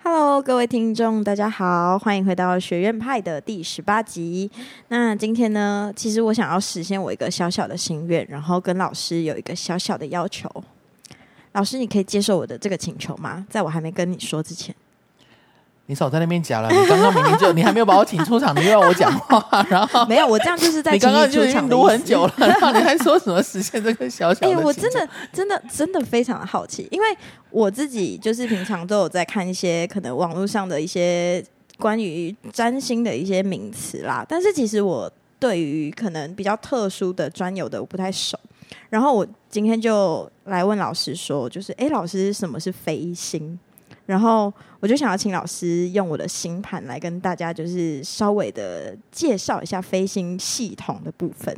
Hello，各位聽眾，大家好，歡迎回到《學院派》的第十八集。那今天呢，其實我想要實現我一個小小的心願，然後跟老師有一個小小的要求。老師，你可以接受我的這個請求嗎？在我還沒跟你說之前。你少在那邊講了，你剛剛明明就 你還沒有把我請出場，你又要我講話，然後沒有我這樣就是在你剛剛就已經錄很久了，然後你還說什麼實現這個小小的？哎、欸，我真的真的真的非常的好奇，因為我自己就是平常都有在看一些可能網絡上的一些關於占星的一些名詞啦，但是其實我對於可能比較特殊的專有的我不太熟，然後我今天就來問老師說，就是哎、欸，老師什麼是飛星？然後，我就想要請老師用我的星盤來跟大家，就是稍微的介紹一下飛星系統的部分。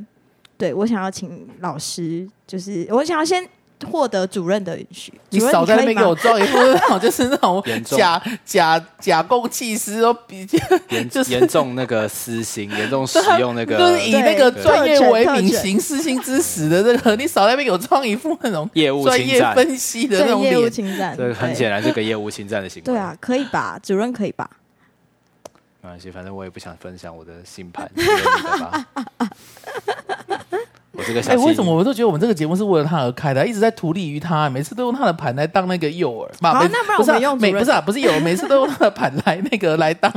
對，我想要請老師，就是我想要先。獲得主任的允許，你少在那邊給我裝一副，就是那種假假假公濟私都比較嚴，就嚴重那個私心，嚴重使用那個，就是以那個專業為名行私心之實的這個，你少在那邊給我裝一副那種業務專業分析的那種業務侵佔，這個很顯然是個業務侵佔的行為。對啊，可以吧？主任可以吧？沒關係，反正我也不想分享我的星盤。哎，為什麼我們都覺得我們這個節目是為了他而開的？一直在圖利於他，每次都用他的盤來當那個誘餌。那不然我們用，不是不是有每次都用他的盤來那個來當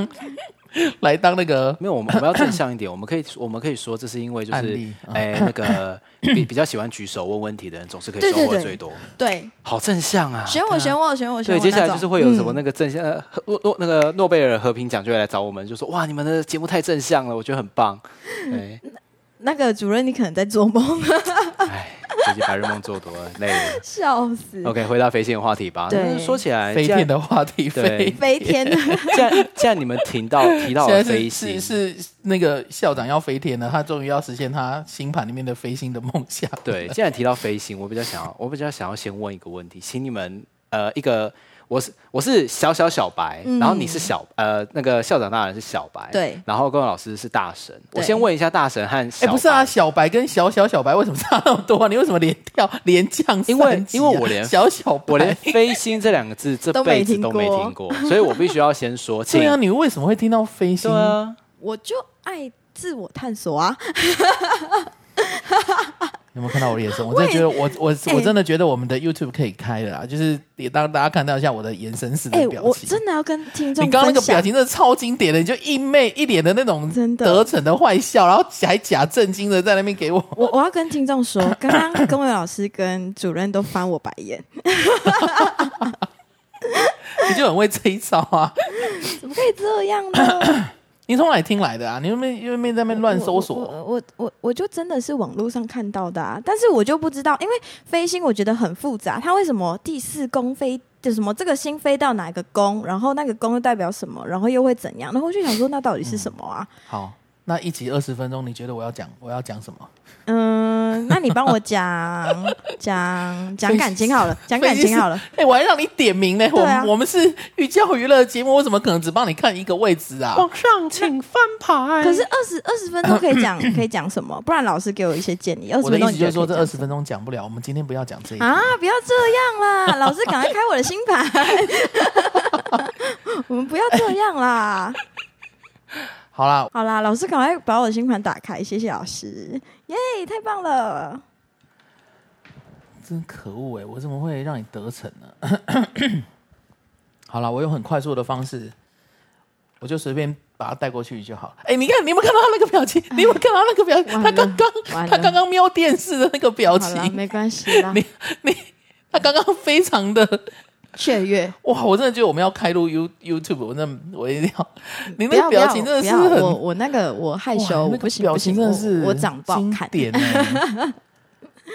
來當那個？沒有，我們我們要正向一點。我們可以我們可以說這是因為就是哎那個比比較喜歡舉手問問題的人總是可以收穫最多。對，好正向啊！選我，選我，選我，選我。對，接下來就是會有什麼那個正向諾諾那個諾貝爾和平獎就會來找我們，就說哇，你們的節目太正向了，我覺得很棒。對。那個主任，你可能在做夢 ，哎，最近白日夢做多了， 累了，笑死。OK，回到飛天的話題吧。對，說起來飛天的話題，飛對飛天。既然既然你們提到提到了飛星，是是那個校長要飛天了，他終於要實現他星盤裡面的飛星的夢想。對，既然提到飛星，我比較想要，我比較想要先問一個問題，請你們呃一個。我是我是小小小白，嗯、然後你是小呃那個校長大人是小白，對，然後各位老師是大神。對我先問一下大神和哎不是啊，小白跟小小小白為什麼差那麼多啊？你為什麼連跳連降三級，啊、因為因為我連小小白我連飛星這兩個字這輩子都沒聽過，聽過，所以我必須要先說清啊。你為什麼會聽到飛星？對啊，我就愛自我探索啊。哈哈哈。你有沒有看到我的眼神？喂我真的覺得我，我我、欸、我真的覺得我們的 YouTube 可以開了啦，就是也讓大家看到一下我的眼神時的表情、欸。我真的要跟聽眾，你剛那個表情真的超經典的，你就一媚一臉的那種，真的得逞的壞笑，然後假假震驚的在那邊給我。我我要跟聽眾說，剛剛咳咳各位老師跟主任都翻我白眼， 咳咳你就很會吹哨啊，怎麼可以這樣呢？咳咳你從哪聽來的啊？你又沒，又沒在那邊亂搜索。我我我，我，我就真的是網絡上看到的啊，但是我就不知道，因為飛星我覺得很複雜，它為什麼第四宮飛就什麼這個星飛到哪個宮，然後那個宮又代表什麼，然後又會怎樣？然後我就想說，那到底是什麼啊？嗯，好。那一集二十分鐘，你覺得我要講我要講什麼？嗯，那你幫我講講講感情好了，講感情好了。哎，我還讓你點名呢、對啊。我們是寓教於樂節目，我怎麼可能只幫你看一個位置啊？往上請翻牌。可是二十二十分鐘可以講，可以講什麼？不然老師給我一些建議。二十分鐘你就說，這二十分鐘講不了，我們今天不要講這一。啊，不要這樣啦！老師趕快開我的新牌。 我們不要這樣啦。欸好啦，好啦，老師趕快把我的新款打開，謝謝老師，耶、yeah，太棒了！真可惡哎、欸，我怎麼會讓你得逞呢？ 好啦，我用很快速的方式，我就隨便把他帶過去就好了。哎、欸，你看，你有沒有看到他那個表情，唉你有沒有看到他那個表情，了他剛剛，了他剛剛瞄電視的那個表情，嗯、啦，沒關係啦，你你，他剛剛非常的。雀躍！哇，我真的覺得我們要開錄 You YouTube，我真的我一定要。你那表情真的是我我那個我害羞，我、那個、表情真的是我長不好、欸、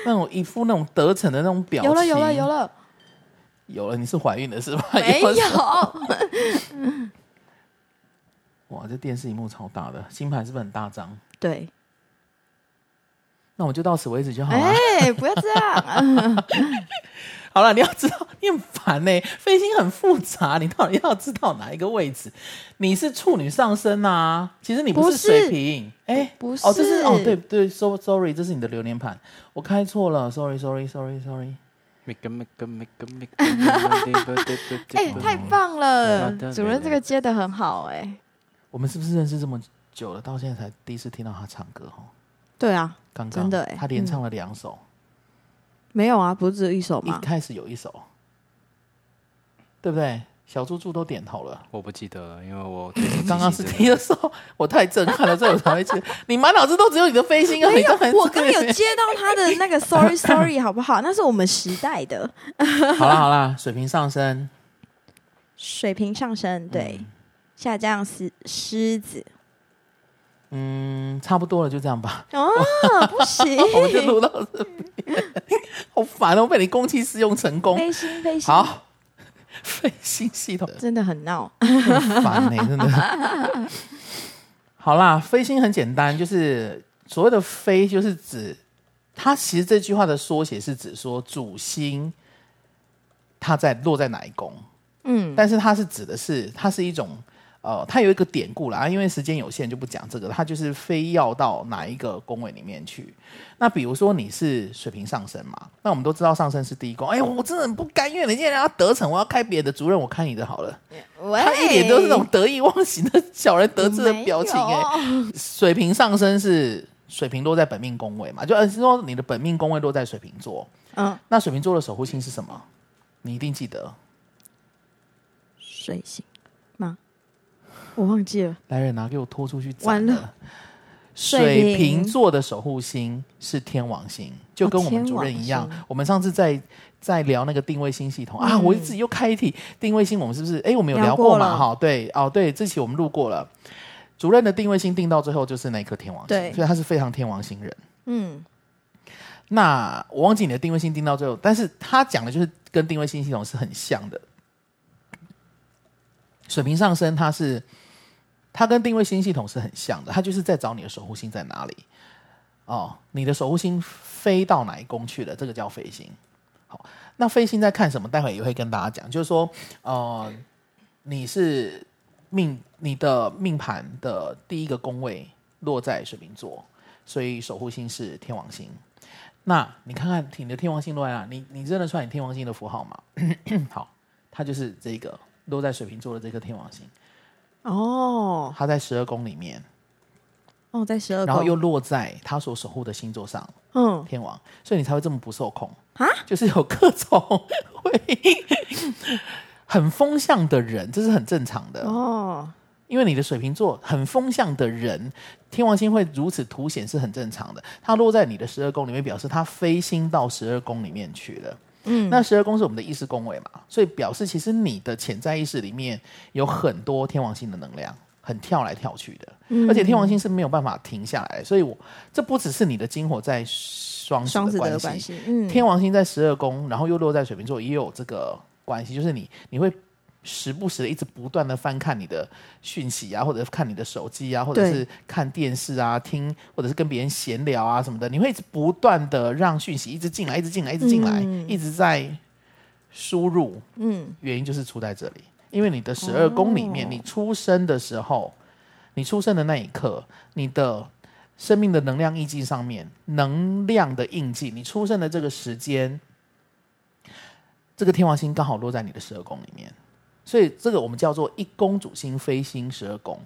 那種一副那種得逞的那種表情。有了有了有了，有了！有了有了你是懷孕了是吧？沒有。 哇，這電視熒幕超大的，星盤是不是很大張？對。那我就到此為止就好啦、啊。哎、欸，不要這樣。嗯、 好了，你要知道，你很煩呢、欸，飛星很複雜，你到底要知道哪一個位置？你是處女上升啊，其實你不是水瓶。哎是、欸欸，不是哦，這是哦，對對，so sorry，這是你的流年盤，我開錯了，sorry sorry sorry sorry。哎、欸，太棒了，哦、對了對對，主任這個接的很好哎、欸。我們是不是認識這麼久了，到現在才第一次聽到他唱歌對啊，剛剛真的，他連唱了兩首，沒有啊，不是只有一首嗎？一開始有一首，對不對？小豬豬都點頭了。我不記得了，因為我剛剛是第一首，我太震撼了，這有什麼意思，你滿腦子都只有你的飛星而已。我剛有接到他的那個 Sorry Sorry，好不好？那是我們時代的。好了好了，水平上升，水平上升，對，下降是獅子。嗯，差不多了，就這樣吧。哦，不行，我就錄到這邊。好煩哦，被你公器私用成功。飛星，飛星，好，飛星系統的真的很鬧，很煩你、欸、真的。好啦，飛星很簡單，就是所謂的“飛”，就是指它。其實這句話的縮寫是指說主星它在落在哪一宮？嗯，但是它是指的是它是一種。呃，他有一個典故啦，因為時間有限就不講這個。他就是非要到哪一個宮位裡面去。那比如說你是水瓶上升嘛，那我們都知道上升是第一宮。哎呀，我真的很不甘願，你現在讓他得逞，我要開別的主任，我開你的好了。喂他一臉都是那種得意忘形的小人得志的表情哎、欸。有水瓶上升是水瓶落在本命宮位嘛？就說你的本命宮位落在水瓶座，嗯，那水瓶座的守護星是什麼？你一定記得水星。我忘記了，來人拿、啊、給我拖出去！完了。水瓶座的守護星是天王星，哦，就跟我們主任一樣。我們上次在在聊那個定位星系統、嗯、啊，我自己又開一題定位星，我們是不是？哎，我們有聊過嘛？哈，對，哦，對，這期我們錄過了。主任的定位星定到最後就是那顆天王星，所以對他是非常天王星人。嗯，那我忘記你的定位星定到最後，但是他講的就是跟定位星系統是很像的。水瓶上升，它是。它跟定位星系統是很像的，它就是在找你的守護星在哪裡。哦，你的守護星飛到哪一宮去了？這個叫飛星。好，那飛星在看什麼？待會也會跟大家講，就是說，呃，你是命，你的命盤的第一個宮位落在水瓶座，所以守護星是天王星。那你看看，你的天王星落在哪？你你認得出來你天王星的符號嗎？ 好，它就是這個落在水瓶座的這個天王星。哦，他、oh, 在十二宮裡面。哦、oh,，在十二宮，然後又落在他所守護的星座上，嗯，天王，所以你才會這麼不受控啊！Huh? 就是有各種會很風向的人，這是很正常的哦。Oh. 因為你的水瓶座很風向的人，天王星會如此凸顯是很正常的。他落在你的十二宮裡面，表示他飛星到十二宮裡面去了。嗯，那十二宮是我們的意識宮位嘛，所以表示其實你的潛在意識裡面有很多天王星的能量，很跳來跳去的，嗯、而且天王星是沒有辦法停下來，所以我這不只是你的金火在雙子的關係，天王星在十二宮，然後又落在水瓶座，也有這個關係，就是你你會。時不時的一直不斷的翻看你的訊息啊，或者看你的手機啊，對或者是看電視啊，聽或者是跟別人閒聊啊什麼的，你會一直不斷的讓訊息一直進來，一直進來，一直進來，嗯、一直在輸入。嗯，原因就是出在這裡，因為你的十二宮裡面，哦、你出生的時候，你出生的那一刻，你的生命的能量印記上面，能量的印記，你出生的這個時間，這個天王星剛好落在你的十二宮裡面。所以這個我們叫做一宮主星飛星十二宮，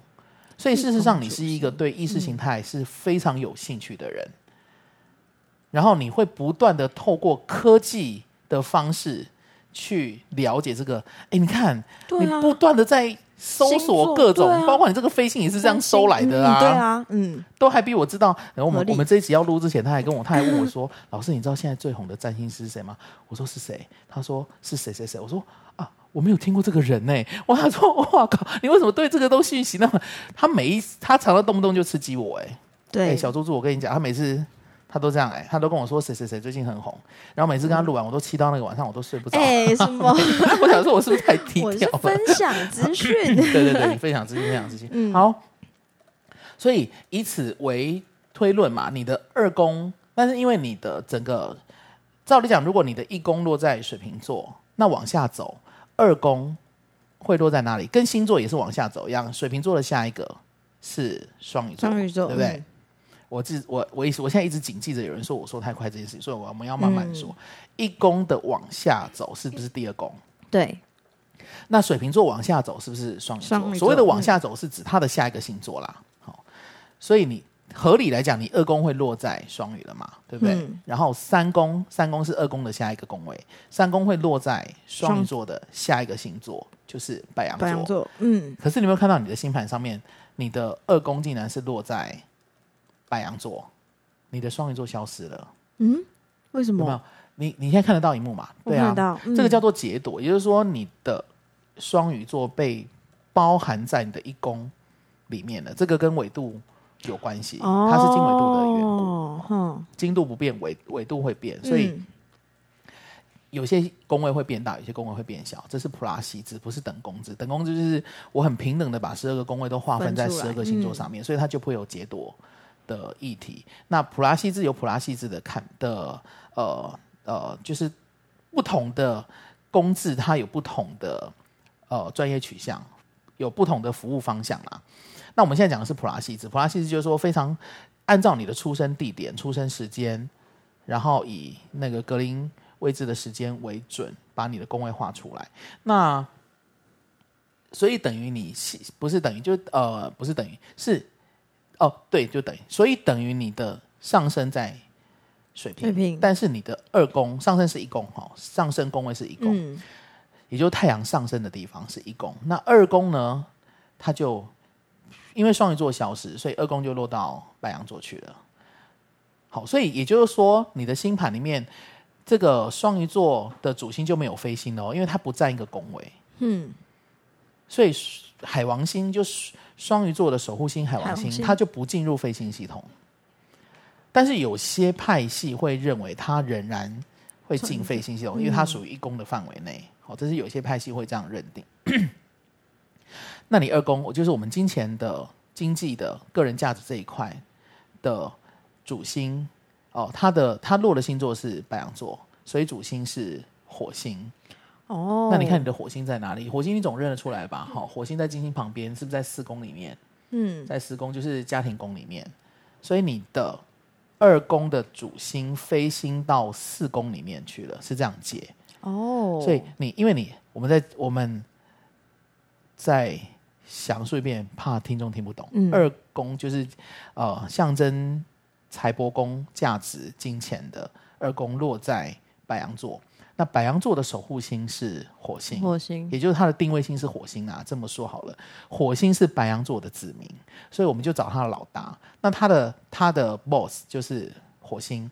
所以事實上你是一個對意識形態是非常有興趣的人，然後你會不斷的透過科技的方式去了解這個。哎，你看，你不斷的在搜索各種，包括你這個飛星也是這樣搜來的啊。對啊，嗯，都還比我知道。然後我們我們這一集要錄之前，他還跟我，他還問我說：“老師，你知道現在最紅的占星師是誰嗎？”我說：“是誰？”他說：“是誰誰誰。”我說：“啊。”我沒有聽過這個人呢，我想說，我靠，你為什麼對這個都信息那麼？他每一次他常常動不動就刺激我，誒。對誒，小豬豬，我跟你講，他每次他都這樣，誒，他都跟我說誰誰誰最近很紅，然後每次跟他錄完，嗯、我都氣到那個晚上，我都睡不着，哎，是嗎？我想說，我是不是太低調了分享資訊， 對對對，你分享資訊，分享資訊，嗯、好。所以以此為推論嘛，你的二宮，但是因為你的整個，照理講，如果你的一宮落在水瓶座，那往下走。二宮會落在哪裡？跟星座也是往下走一樣，水瓶座的下一個是雙魚座，雙魚座對不對？嗯、我自我我一直我現在一直謹記着有人說我說太快這件事情，所以我們要慢慢說。嗯、一宮的往下走是不是第二宮？嗯、對。那水瓶座往下走是不是雙魚座？座所謂的往下走是指它的下一個星座啦。嗯、好，所以你。合理來講，你二宮會落在雙魚了嘛？對不對？嗯、然後三宮，三宮是二宮的下一個宮位，三宮會落在雙魚座的下一個星座，就是白羊座。白羊座，嗯。可是你有沒有看到你的星盤上面，你的二宮竟然是落在白羊座，你的雙魚座消失了。嗯？為什麼？有，沒有。你你現在看得到螢幕嘛？對啊，嗯、這個叫做劫奪，也就是說你的雙魚座被包含在你的一宮裡面了。這個跟緯度。有關係，它是經緯度的緣故。嗯，oh, huh. 經度不變，緯緯度會變，所以、嗯、有些宮位會變大，有些宮位會變小。這是普拉西制，不是等宮制。等宮制就是我很平等的把十二個宮位都劃分在十二個星座上面，嗯、所以它就會有解讀的議題。那普拉西制有普拉西制的看的呃呃，就是不同的宮制，它有不同的呃專業取向。有不同的服務方向啦，啊，那我們現在講的是普拉西茲，普拉西茲就是說非常按照你的出生地點、出生時間，然後以那個格林位置的時間為準，把你的宮位畫出來。那所以等於你不是等於就呃不是等於是哦對就等於，所以等於你的上升在水平，平但是你的二宮上升是一宮哈，上升宮位是一宮。嗯也就是太陽上升的地方是一宮，那二宮呢？它就因為雙魚座消失，所以二宮就落到白羊座去了。好，所以也就是說，你的星盤裡面這個雙魚座的主星就沒有飛星哦，因為它不佔一個宮位。嗯，所以海王星就是雙魚座的守護星，海王星，海王星它就不進入飛星系統。但是有些派系會認為它仍然。會進費星系統，因為它屬於一宮的範圍內。嗯、哦，這是有些派系會這樣認定。 那你二宮，我就是我們金錢的、經濟的、個人價值這一塊的主星。哦，它的他落的星座是白羊座，所以主星是火星。哦，那你看你的火星在哪裡？火星你總認得出來吧？好、哦，火星在金星旁邊，是不是在四宮裡面？嗯，在四宮就是家庭宮裡面，所以你的。二宮的主星飛星到四宮裡面去了，是這樣接哦。所以你因為你我們在我們再詳述一遍，怕聽眾聽不懂。嗯、二宮就是呃象徵財帛宮、價值金錢的二宮落在白羊座。那白羊座的守護星是火星，火星，也就是它的定位星是火星啊。這麼說好了，火星是白羊座的子民，所以我們就找他的老大。那他的他的 boss 就是火星，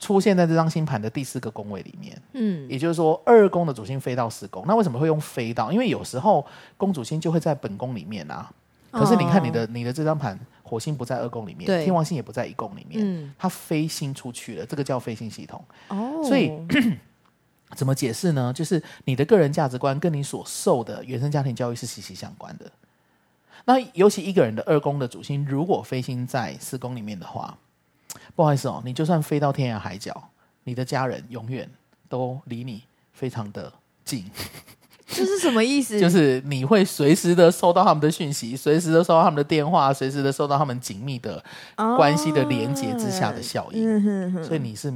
出現在這張星盤的第四個宮位裡面。嗯，也就是說二宮的主星飛到四宮。那為什麼會用飛到？因為有時候宮主星就會在本宮裡面啊。可是你看你的、哦、你的這張盤，火星不在二宮裡面，對天王星也不在一宮裡面，它、嗯、飛星出去了，這個叫飛星系統。哦，所以。咳咳怎麼解釋呢？就是你的個人價值觀跟你所受的原生家庭教育是息息相關的。那尤其一個人的二宮的主星如果飛星在四宮裡面的話，不好意思哦，你就算飛到天涯海角，你的家人永遠都離你非常的近。這是什麼意思？ 就是你會隨時的收到他們的訊息，隨時的收到他們的電話，隨時的收到他們緊密的關係的連結之下的效應。哦嗯、哼哼所以你是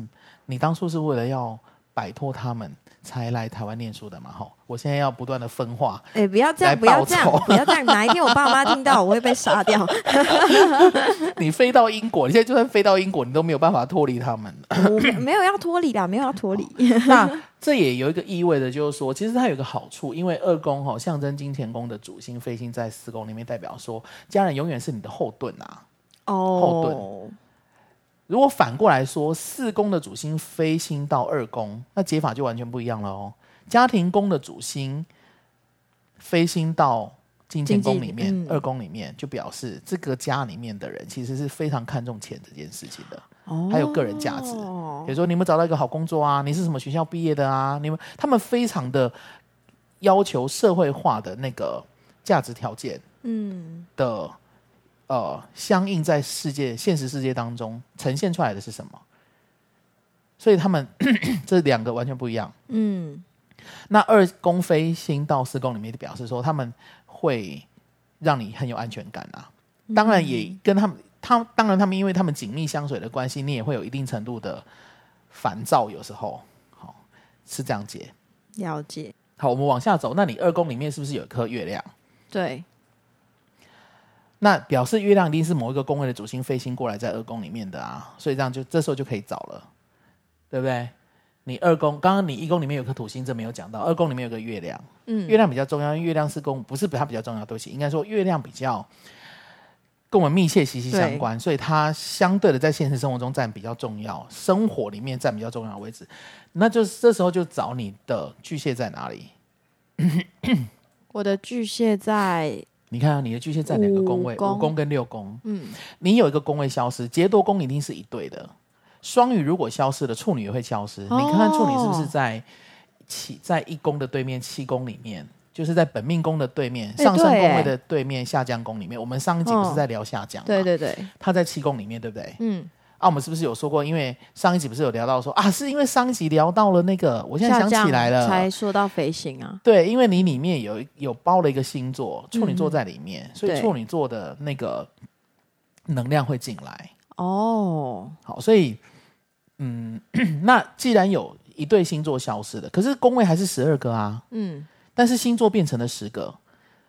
你當初是為了要。擺脫他們才來臺灣念書的嘛，哈！我現在要不斷的分化，哎，不要這樣，不要這樣，不要這樣，哪一天我爸媽聽到，我會被殺掉。 你飛到英國，你現在就算飛到英國，你都沒有辦法脫離他們。沒有要脫離啦，沒有要脫離。那、哦啊、這也有一個意味的，就是說，其實它有一個好處，因為二宮哈、哦、象徵金錢宮的主星飛星在四宮裡面，代表說家人永遠是你的後盾啊。哦。後盾。如果反過來說，四宮的主星飛星到二宮，那解法就完全不一樣了哦。家庭宮的主星飛星到金錢宮裡面，金金二宮裡面，嗯、就表示這個家裡面的人其實是非常看重錢這件事情的哦，還有個人價值。哦、比如說，你們找到一個好工作啊，你是什麼學校畢業的啊？你們他們非常的要求社會化的那個價值條件，嗯，嗯的。呃，相應在世界現實世界當中呈現出來的是什麼？所以他們咳咳這兩個完全不一樣。嗯，那二宮飛星到四宮裡面表示說，他們會讓你很有安全感啊。當然，也跟他們，他們，他們，當然他們，因為他們緊密相隨的關係，你也會有一定程度的煩躁，有時候好，是這樣解。了解。好，我們往下走。那你二宮裡面是不是有一顆月亮？對。那表示月亮一定是某一個宮位的主星飛星過來在二宮裡面的啊，所以這樣就這時候就可以找了，對不對？你二宮剛剛你一宮裡面有顆土星，這沒有講到，二宮裡面有個月亮，月亮比較重要，月亮是宮不是比它比較重要的東西，應該說月亮比較跟我們密切息息相關，所以它相對的在現實生活中佔比較重要，生活裡面佔比較重要的位置，那就是這時候就找你的巨蟹在哪裡？我的巨蟹在。你看啊，你的巨蟹在哪個宮位，五宮公跟六宮。嗯，你有一個宮位消失，劫奪宮一定是一對的。雙魚如果消失了，處女也會消失。哦、你看看處女是不是在七，在一宮的對面七宮裡面，就是在本命宮的對面，欸、對上升宮位的對面，下降宮裡面。我們上一集不是在聊下降、哦、對對對，他在七宮裡面，對不對？嗯。啊，我們是不是有說過？因為上一集不是有聊到說啊，是因為上一集聊到了那個，我現在想起來了，才說到飛行啊。對，因為你裡面有有包了一個星座，處女座在裡面，嗯、所以處女座的那個能量會進來哦。對好，所以嗯，那既然有一對星座消失了，可是宮位還是十二個啊。嗯，但是星座變成了十個，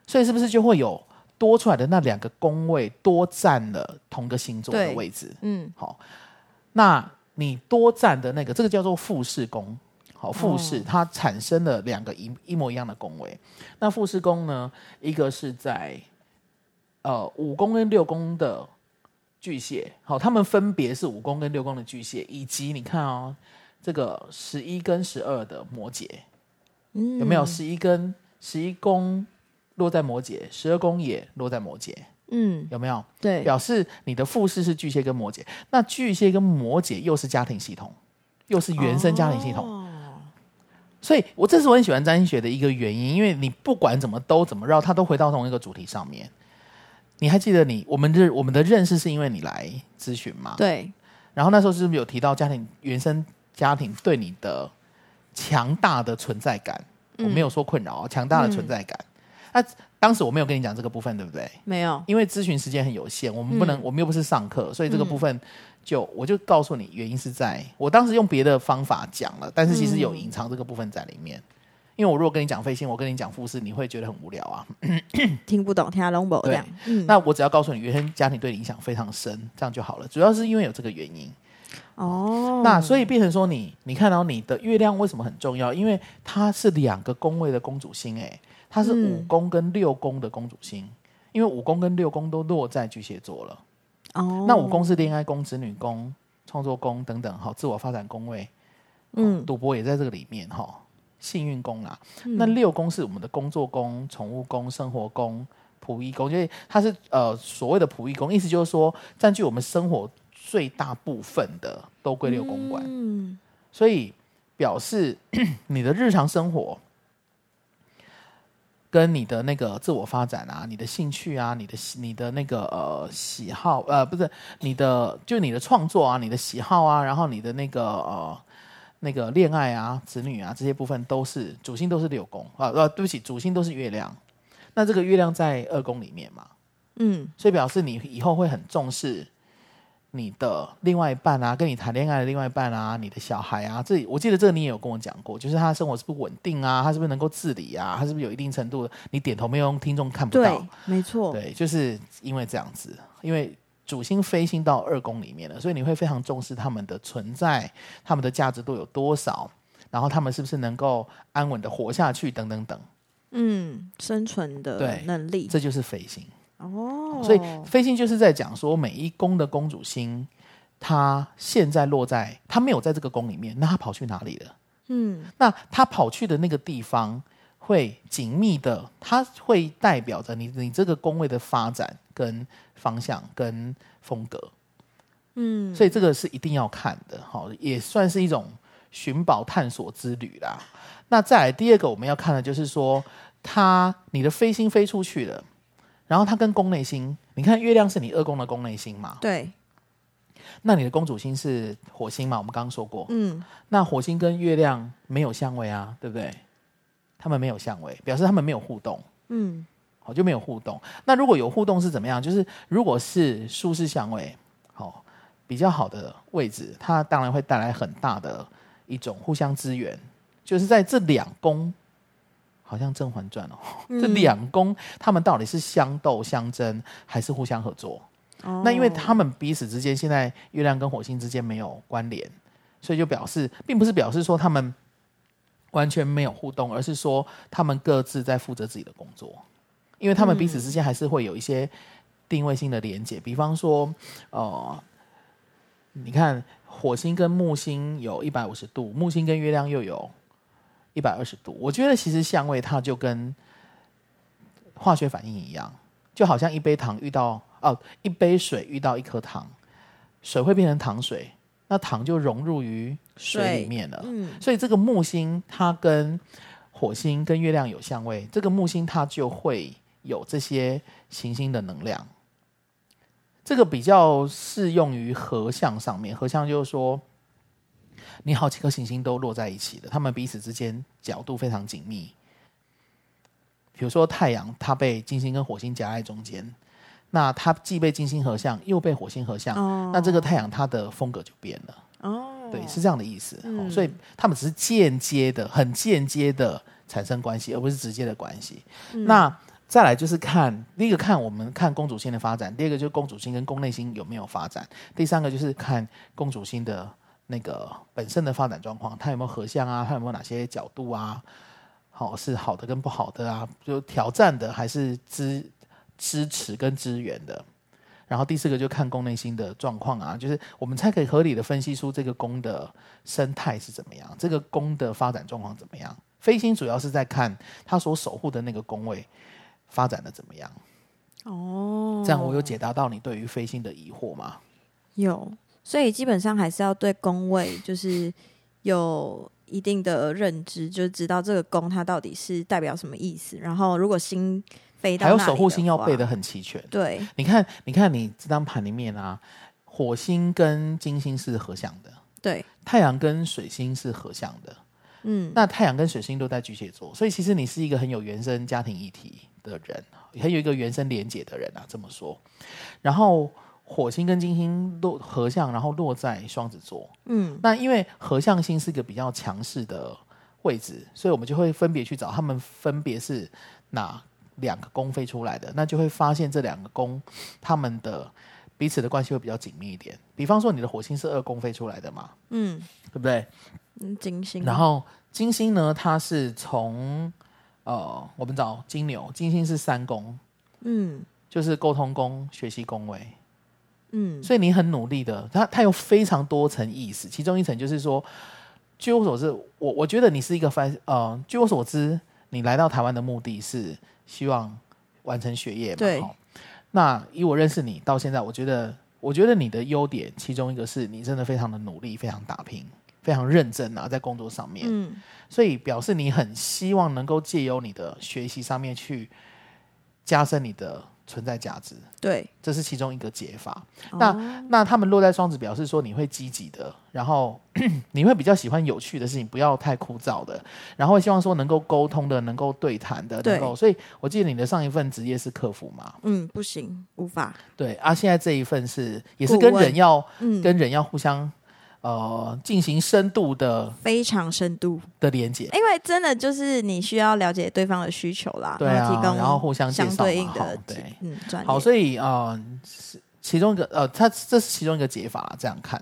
所以是不是就會有？多出來的那兩個宮位多佔了同個星座的位置，嗯，好，那你多佔的那個，這個叫做複式宮，好，複式、哦、它產生了兩個一一模一樣的宮位，那複式宮呢，一個是在呃五宮跟六宮的巨蟹，好，他們分別是五宮跟六宮的巨蟹，以及你看哦，這個十一跟十二的摩羯，嗯、有沒有十一跟十一宮？落在摩羯，十二宮也落在摩羯，嗯，有沒有？對，表示你的父系是巨蟹跟摩羯，那巨蟹跟摩羯又是家庭系統，又是原生家庭系統。哦、所以，我這是我很喜歡占星學的一個原因，因為你不管怎麼兜怎麼繞，他都回到同一個主題上面。你還記得你我們的我們的認識是因為你來諮詢嗎？對。然後那時候是不是有提到家庭原生家庭對你的強大的存在感？我沒有說困擾，強大的存在感。嗯嗯那、啊、當時我沒有跟你講這個部分，對不對？沒有，因為諮詢時間很有限，我們不能，嗯、我們又不是上課，所以這個部分就、嗯、我就告訴你原因是在我當時用別的方法講了，但是其實有隱藏這個部分在裡面。嗯、因為我如果跟你講飛星，我跟你講複式你會覺得很無聊啊， 聽不懂，聽不懂這樣。對嗯、那我只要告訴你，原生家庭對你影響非常深，這樣就好了。主要是因為有這個原因。哦，那所以變成說你你看到、哦、你的月亮為什麼很重要？因為它是兩個宮位的宮主星，哎。她是五宮跟六宮的宮主星，嗯、因為五宮跟六宮都落在巨蟹座了。哦，那五宮是戀愛宮、子女宮、創作宮等等哈、哦，自我發展宮位，嗯、哦，賭博也在這個裡面哈、哦，幸運宮啊。嗯、那六宮是我們的工作宮、寵物宮、生活宮、僕役宮，因為它是呃所謂的僕役宮，意思就是說佔據我們生活最大部分的都歸六宮管。嗯，所以表示 你的日常生活。跟你的那個自我發展啊，你的興趣啊，你的你的那個呃喜好呃，不是你的就你的創作啊，你的喜好啊，然後你的那個呃那個戀愛啊、子女啊這些部分都是主星都是六宮啊，呃對不起，主星都是月亮，那這個月亮在二宮裡面嘛。嗯，所以表示你以後會很重視。你的另外一半啊，跟你談戀愛的另外一半啊，你的小孩啊，這我記得這個你也有跟我講過，就是他生活是不是穩定啊，他是不是能夠自理啊，他是不是有一定程度，你點頭沒有？聽眾看不到，對，沒錯，對，就是因為這樣子，因為主星飛星到二宮裡面了，所以你會非常重視他們的存在，他們的價值度有多少，然後他們是不是能夠安穩的活下去，等等等，嗯，生存的能力，這就是飛星。哦，oh. 所以飛星就是在講說，每一宮的宮主星，它現在落在，他沒有在這個宮裡面，那他跑去哪裡了？嗯，那他跑去的那個地方會緊密的，它會代表着你你這個宮位的發展跟方向跟風格。嗯，所以這個是一定要看的，哈，也算是一種尋寶探索之旅啦。那再來第二個，我們要看的就是說，他，你的飛星飛出去了。然後它跟宮內星，你看月亮是你二宮的宮內星嘛？對。那你的宮主星是火星嘛？我們剛剛說過。嗯。那火星跟月亮沒有相位啊，對不對？他們沒有相位，表示他們沒有互動。嗯。好，就沒有互動。那如果有互動是怎麼樣？就是如果是舒適相位，好、哦，比較好的位置，它當然會帶來很大的一種互相支援，就是在這兩宮。好像《甄嬛傳》哦， 這兩宮宮、嗯、他們到底是相鬥相爭，還是互相合作？哦、那因為他們彼此之間，現在月亮跟火星之間沒有關聯，所以就表示，並不是表示說他們完全沒有互動，而是說他們各自在負責自己的工作，因為他們彼此之間還是會有一些定位性的連接，嗯、比方說，哦、呃，你看火星跟木星有一百五十度，木星跟月亮又有。一百二十度，我覺得其實相位它就跟化學反應一樣，就好像一杯糖遇到哦，一杯水遇到一顆糖，水會變成糖水，那糖就融入於水裡面了。嗯、所以這個木星它跟火星跟月亮有相位，這個木星它就會有這些行星的能量。這個比較適用於合相上面，合相就是說。你好，幾顆行星都落在一起了，他們彼此之間角度非常緊密。比如說太陽，它被金星跟火星夾在中間，那它既被金星合相，又被火星合相，哦、那這個太陽它的風格就變了。哦，對，是這樣的意思。嗯、所以他們只是間接的，很間接的產生關係，而不是直接的關係。嗯、那再來就是看，第一個看我們看宮主星的發展，第二個就是宮主星跟宮內星有沒有發展，第三個就是看宮主星的。那個本身的發展狀況，它有沒有合相啊？它有沒有哪些角度啊？好、哦，是好的跟不好的啊？就挑戰的還是支支持跟支援的？然後第四個就看宮內心的狀況啊，就是我們才可以合理的分析出這個宮的生態是怎麼樣，這個宮的發展狀況怎麼樣？飛星主要是在看他所守護的那個宮位發展的怎麼樣。哦，這樣我有解答到你對於飛星的疑惑嗎？有。所以基本上還是要對宮位就是有一定的認知，就知道這個宮它到底是代表什麼意思。然後如果星飛到，還有守護星要背得很齊全。對，你看，你看你這張盤裡面啊，火星跟金星是合相的，對，太陽跟水星是合相的，嗯，那太陽跟水星都在巨蟹座，所以其實你是一個很有原生家庭議題的人，很有一個原生連結的人啊。這麼說，然後。火星跟金星落合相，然後落在雙子座。嗯，那因為合相星是一個比較強勢的位置，所以我們就會分別去找他們分別是哪兩個宮飛出來的，那就會發現這兩個宮，他們的彼此的關係會比較緊密一點。比方說，你的火星是二宮飛出來的嘛？嗯，對不對？嗯，金星。然後金星呢，它是從呃，我們找金牛，金星是三宮，嗯，就是溝通宮、學習宮位。嗯，所以你很努力的，他他有非常多層意思，其中一層就是說，據我所知，我我覺得你是一個翻，呃，據我所知，你來到台灣的目的是希望完成學業嘛？對。那以我認識你到現在，我覺得我覺得你的優點，其中一個是你真的非常的努力，非常打拼，非常認真啊，在工作上面，嗯，所以表示你很希望能夠借由你的學習上面去加深你的。存在價值，對，這是其中一個解法。那、哦、那他們落在雙子，表示說你會積極的，然後你會比較喜歡有趣的事情，不要太枯燥的，然後希望說能夠溝通的，能夠對談的，對能夠。所以我記得你的上一份職業是客服嘛？嗯，不行，無法。對啊，現在這一份是也是跟人要、嗯、跟人要互相。呃，進行深度的非常深度的連接，因為真的就是你需要了解對方的需求啦，對、啊，然後對提供然後互相相對應的對，嗯，好，所以啊，呃、是其中一個呃，他這是其中一個解法，這樣看，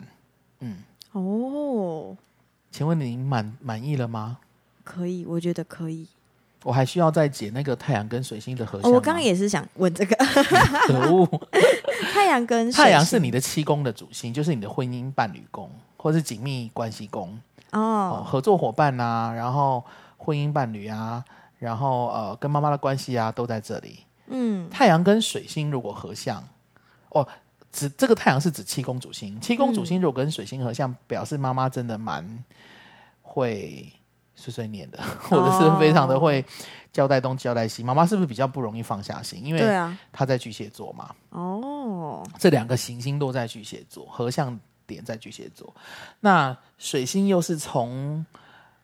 嗯，哦，請問您滿滿意了嗎？可以，我覺得可以。我還需要再解那個太陽跟水星的合相、哦。我剛剛也是想問這個， 可惡惡， 太陽跟太陽是你的七宮的主星，就是你的婚姻伴侶宮。或是緊密關係宮哦、oh. 呃，合作夥伴啊，然後婚姻伴侶啊，然後呃，跟媽媽的關係啊，都在這裡。嗯，太陽跟水星如果合相，哦，指這個太陽是指七宮主星，七宮主星如果跟水星合相，表示媽媽真的蠻會碎碎念的，oh. 或者是非常的會交代東交代西。媽媽是不是比較不容易放下心？因為對啊，她在巨蟹座嘛。哦，oh. 這兩個行星都在巨蟹座合相。點在巨蟹座，那水星又是從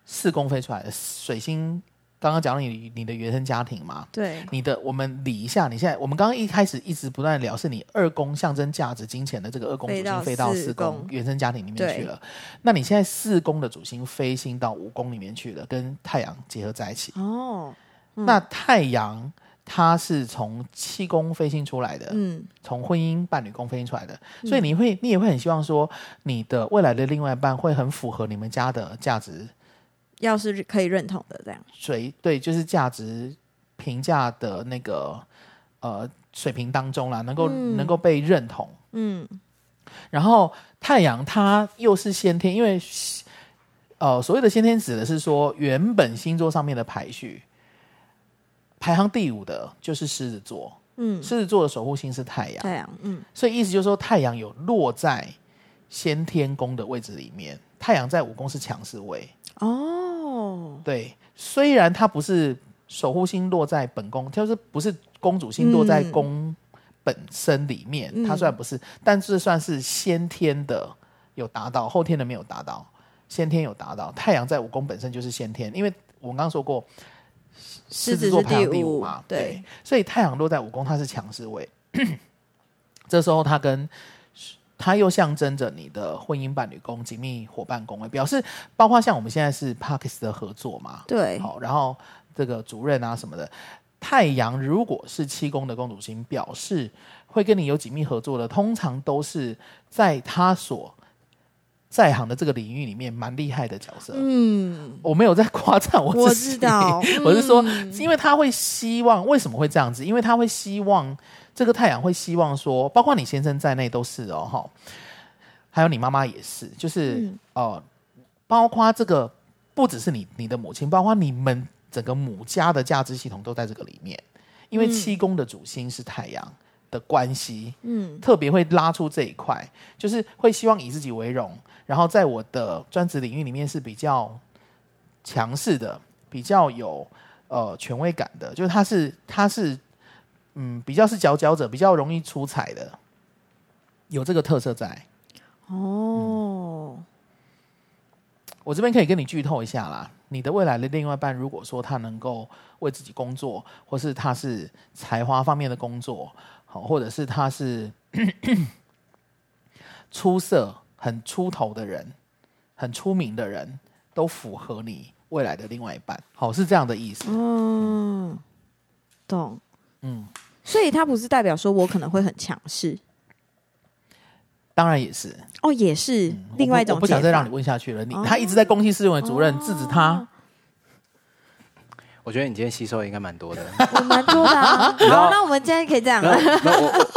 四宮飛出來的。水星剛剛講你你的原生家庭嘛，對，你的我們理一下，你現在我們剛剛一開始一直不斷聊是你二宮象徵價值金錢的這個二宮主星飛到四宮原生家庭裡面去了，對那你現在四宮的主星飛星到五宮裡面去了，跟太陽結合在一起。哦，嗯、那太陽。他是從七宮飛星出來的，嗯，從婚姻伴侶宮飛星出來的，所以你會，你也會很希望說，你的未來的另外一半會很符合你們家的價值，要是可以認同的這樣，所以對，就是價值評價的那個呃水平當中啦，能夠、嗯、能夠被認同，嗯，然後太陽它又是先天，因為呃所謂的先天指的是說原本星座上面的排序。排行第五的就是獅子座，嗯，獅子座的守護星是太陽，太陽，嗯，所以意思就是說太陽有落在先天宮的位置裡面，太陽在五宮是強勢位哦，對，雖然它不是守護星落在本宮，就是不是宮主星落在宮、嗯、本身裡面，它雖然不是，但是算是先天的有達到，後天的沒有達到，先天有達到，太陽在五宮本身就是先天，因為我剛說過。獅子座排第五嘛，第五對，對，所以太陽落在五宮，它是強勢位。 這時候它，他跟他又象徵着你的婚姻伴侶宮、緊密夥伴宮位，表示包括像我們現在是 p a 斯 s 的合作嘛，對，好，然後這個主任啊什麼的，太陽如果是七宮的公主星，表示會跟你有緊密合作的，通常都是在他所。在行的這個領域裡面，蠻厲害的角色。嗯，我沒有在誇讚我，我知道。 我是說，嗯、因為他會希望，為什麼會這樣子？因為他會希望這個太陽會希望說，包括你先生在內都是哦，還有你媽媽也是，就是哦、嗯呃，包括這個不只是你你的母親，包括你們整個母家的價值系統都在這個裡面，因為七宮的主星是太陽的關係，嗯，特別會拉出這一塊，就是會希望以自己為榮。然後在我的專職領域裡面是比較強勢的，比較有呃權威感的，就是他是他是嗯比較是佼佼者，比較容易出彩的，有這個特色在。哦、嗯，我這邊可以跟你劇透一下啦，你的未來的另外一半，如果說他能夠為自己工作，或是他是才華方面的工作，好，或者是他是 出色。很出頭的人，很出名的人，都符合你未來的另外一半。好，是這樣的意思。嗯、哦，懂。嗯，所以他不是代表說我可能會很強勢。當然也是。哦，也是。嗯、另外一種我。我不想再讓你問下去了。你、哦、他一直在攻擊市容的主任，哦、制止他。我覺得你今天吸收應該蠻多的。我蠻多的、啊。 道好，那我們今天可以這樣。那我，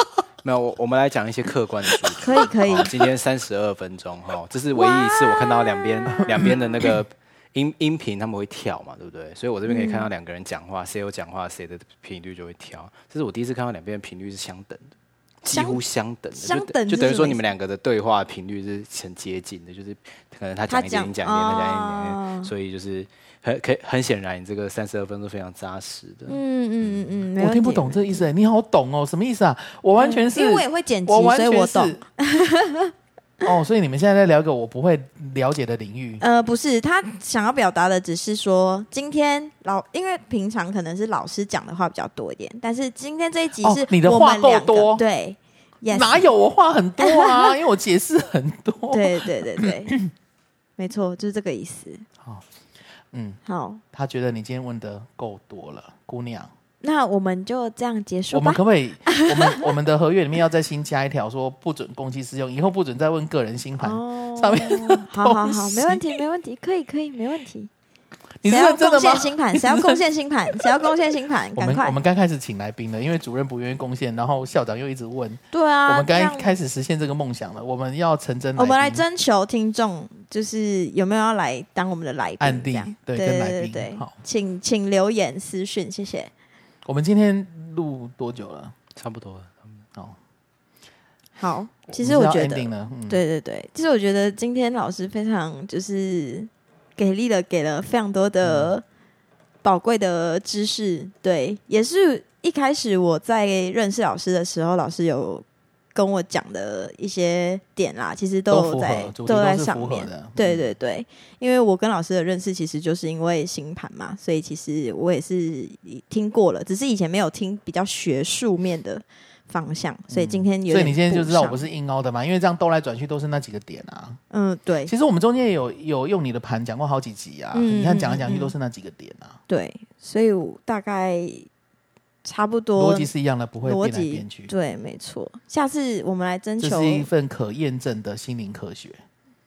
沒有。我我們來講一些客觀的。可以可以，可以哦、今天三十二分鐘哈、哦，這是唯一一次我看到兩邊哇兩邊的那個音 音頻他們會跳嘛，對不對？所以我這邊可以看到兩個人講話，嗯、誰有講話，誰的頻率就會跳。這是我第一次看到兩邊的頻率是相等的，相幾乎相等的，等就等就等於說你們兩個的對話頻率是很接近的，就是可能他講一點，你講，講一點，哦、他講一點，所以就是。很可以，很顯然，你這個三十二分是非常扎實的。嗯嗯嗯嗯，嗯嗯嗯，我聽不懂這個意思。你好懂哦，什麼意思啊？我完全是，嗯、因為我也會剪輯，所以我懂。 哦，所以你們現在在聊一個我不會了解的領域。呃，不是，他想要表達的只是說，今天老因為平常可能是老師講的話比較多一點，但是今天這一集是、哦、你的話夠多，對，Yes. 哪有我話很多啊？ 因為我解釋很多。對對對對，對對對對 沒錯，就是這個意思。好、哦。嗯，好。他覺得你今天問的夠多了，姑娘。那我們就這樣結束吧。我們可不可以？我們我們的合約裡面要再新加一條，說不准公器私用，以後不准再問個人星盤上面。好好好，沒問題，沒問題，可以可以，沒問題。誰要貢獻星盤？誰要貢獻星盤？誰要貢獻星盤？趕快！我們剛開始請來賓了，因為主任不願意貢獻，然後校長又一直問。對啊，我們剛開始實現這個夢想了，我們要成真。我們來徵求聽眾。就是有沒有要來當我們的來賓這樣安定。對，對對，對對。請請留言私訊，謝謝。我們今天錄多久了？差不多了、嗯、哦。好，其實我覺得，我們是要 ending 了。嗯、對對對，其實我覺得今天老師非常就是給力了，給了非常多的寶貴的知識。對，也是一開始我在認識老師的時候，老師有。跟我講的一些點啦，其實都在都在上面。嗯、對對對，因為我跟老師的認識，其實就是因為星盤嘛，所以其實我也是聽過了，只是以前沒有聽比較學術面的方向，所以今天有、嗯。所以你今天就知道我不是硬凹的嘛？因為這樣兜來轉去都是那幾個點啊。嗯，對。其實我們中間也有有用你的盤講過好幾集啊，嗯、你看講來講去都是那幾個點啊。嗯嗯嗯、對，所以我大概。差不多邏輯是一樣的，不會變來變去邏輯。對，沒錯。下次我們來徵求，這是一份可驗證的心靈科學。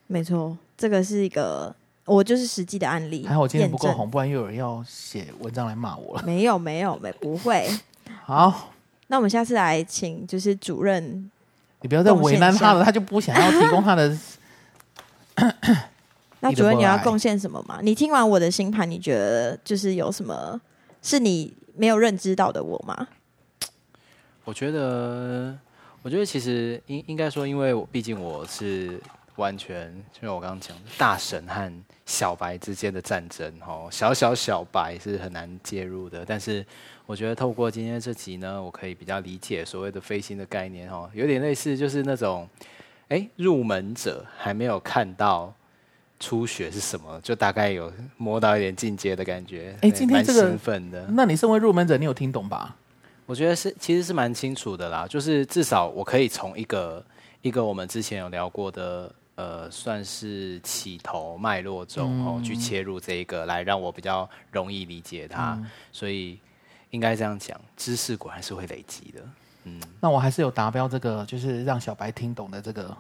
沒錯，這個是一個我就是實際的案例。還好我今天不夠紅，證不然又有人要寫文章來罵我了。沒有，沒有，沒不會。 好，那我們下次來請就是主任。你不要再為難他了，他就不想要提供他的。那主任你要貢獻什麼嗎？你聽完我的星盤，你覺得就是有什麼是你沒有認知到的我嗎？我覺得，我覺得其實應應該說，因為我畢竟我是完全，就是我剛剛講的大神和小白之間的戰爭哦，小小小白，是很難介入的。但是，我覺得透過今天這集呢，我可以比較理解所謂的飛星的概念哦，有點類似就是那種，哎，入門者還沒有看到。初學是什麼？就大概有摸到一點進階的感覺。哎、欸，對、今天這個、蠻興奮的。那你身為入門者，你有聽懂吧？我覺得是，其實是蠻清楚的啦。就是至少我可以從一個一個我們之前有聊過的，呃，算是起頭脈絡中、嗯哦，去切入這一個，來讓我比較容易理解它。嗯、所以應該這樣講，知識果然是會累積的。嗯，那我還是有達標這個，就是讓小白聽懂的這個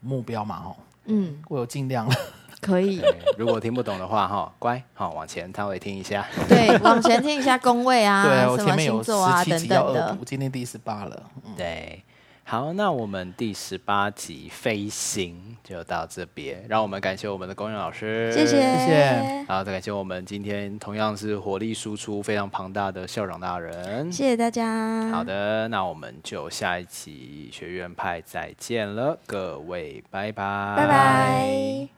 目標嘛，哦。嗯，我有盡量了，可以、欸。如果聽不懂的話，哈，乖，好往前，他會聽一下。對， 往前聽一下宮位啊，對，啊，我前面有十七集要惡補，等等今天第十八了。嗯、對。好，那我們第十八集飛行就到這邊，讓我們感謝我們的公演老師，謝謝謝謝。謝謝好，再感謝我們今天同樣是火力輸出非常龐大的校長大人，謝謝大家。好的，那我們就下一期學院派再見了，各位拜拜，拜拜。